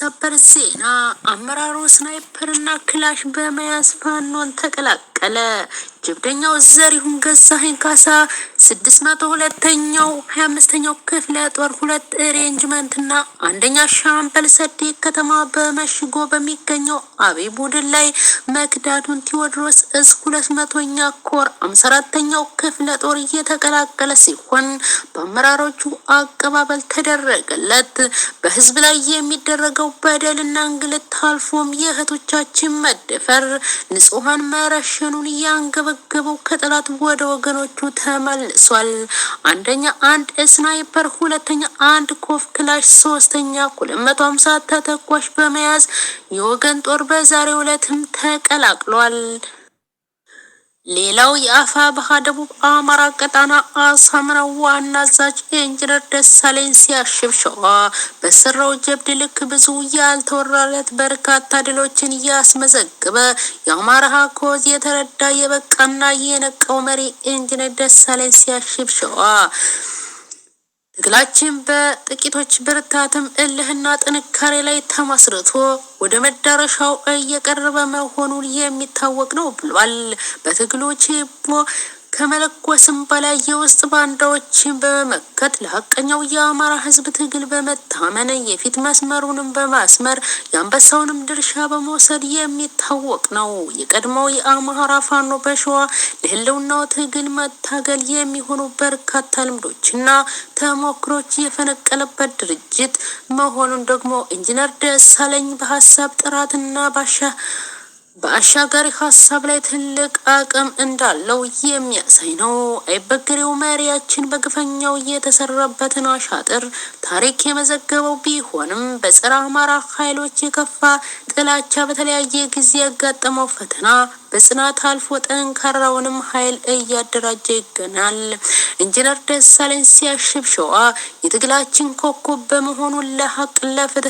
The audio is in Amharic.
ሰበር ዜና አመራሩ ስናይፐርና ክላሽ በመያዝ ፋኖን ተቀላቀለ። ቀጠለ። ጀብደኛው ዘሪሁን ገዛኸኝ ካሳ ስድስት መቶ ሁለተኛው ሀያ አምስተኛው ክፍለ ጦር ሁለት ሬንጅመንትና አንደኛ ሻምበል ሰዴ ከተማ በመሽጎ በሚገኘው አቤ ቡድን ላይ መክዳቱን ቴዎድሮስ እዝ ሁለት መቶኛ ኮር አምሳ አራተኛው ክፍለ ጦር እየተቀላቀለ ሲሆን በአመራሮቹ አቀባበል ተደረገለት። በህዝብ ላይ የሚደረገው በደልና እንግልት አልፎም የእህቶቻችን መደፈር፣ ንጹሀን መረሸ ወገኑን እያንገበገበው ከጠላት ወደ ወገኖቹ ተመልሷል። አንደኛ አንድ ስናይፐር፣ ሁለተኛ አንድ ኮፍ ክላሽ፣ ሶስተኛ ሁለት መቶ ሀምሳ ተተኳሽ በመያዝ የወገን ጦር በዛሬው ዕለትም ተቀላቅሏል። ሌላው የአፋ ባሃ ደቡብ አማራ ቀጣና አሳምና ዋና አዛዥ ኢንጂነር ደሳለኝ ሲያሽብሸዋ በሰራው ጀብድ ልክ ብዙ ያልተወራለት በርካታ ድሎችን እያስመዘግበ የአማራ ኮዝ የተረዳ የበቃና የነቃው መሪ ኢንጂነር ደሳለኝ ሲያሽብሸዋ ትግላችን በጥቂቶች ብርታትም እልህና ጥንካሬ ላይ ተመስርቶ ወደ መዳረሻው እየቀረበ መሆኑን የሚታወቅ ነው ብሏል። በትግሎች ከመለኮስም በላይ የውስጥ ባንዳዎችን በመመከት ለሀቀኛው የአማራ ህዝብ ትግል በመታመን የፊት መስመሩንም በማስመር የአንበሳውንም ድርሻ በመውሰድ የሚታወቅ ነው። የቀድሞው የአማራ ፋኖ በሸዋ ለህልውናው ትግል መታገል የሚሆኑ በርካታ ልምዶችና ተሞክሮች የፈነቀለበት ድርጅት መሆኑን ደግሞ ኢንጂነር ደሳለኝ በሀሳብ ጥራትና ባሻ በአሻጋሪ ሀሳብ ላይ ትልቅ አቅም እንዳለው የሚያሳይ ነው። አይበግሬው መሪያችን በግፈኛው የተሰራበትን አሻጥር ታሪክ የመዘገበው ቢሆንም በጸረ አማራ ኃይሎች የከፋ ጥላቻ በተለያየ ጊዜ ያጋጠመው ፈተና በጽናት አልፎ ጠንካራውንም ኃይል እያደራጀ ይገናል። ኢንጂነር ደሳለኝ ሲያሽብ ሸዋ የትግላችን ኮከብ በመሆኑ ለሀቅ ለፍትህ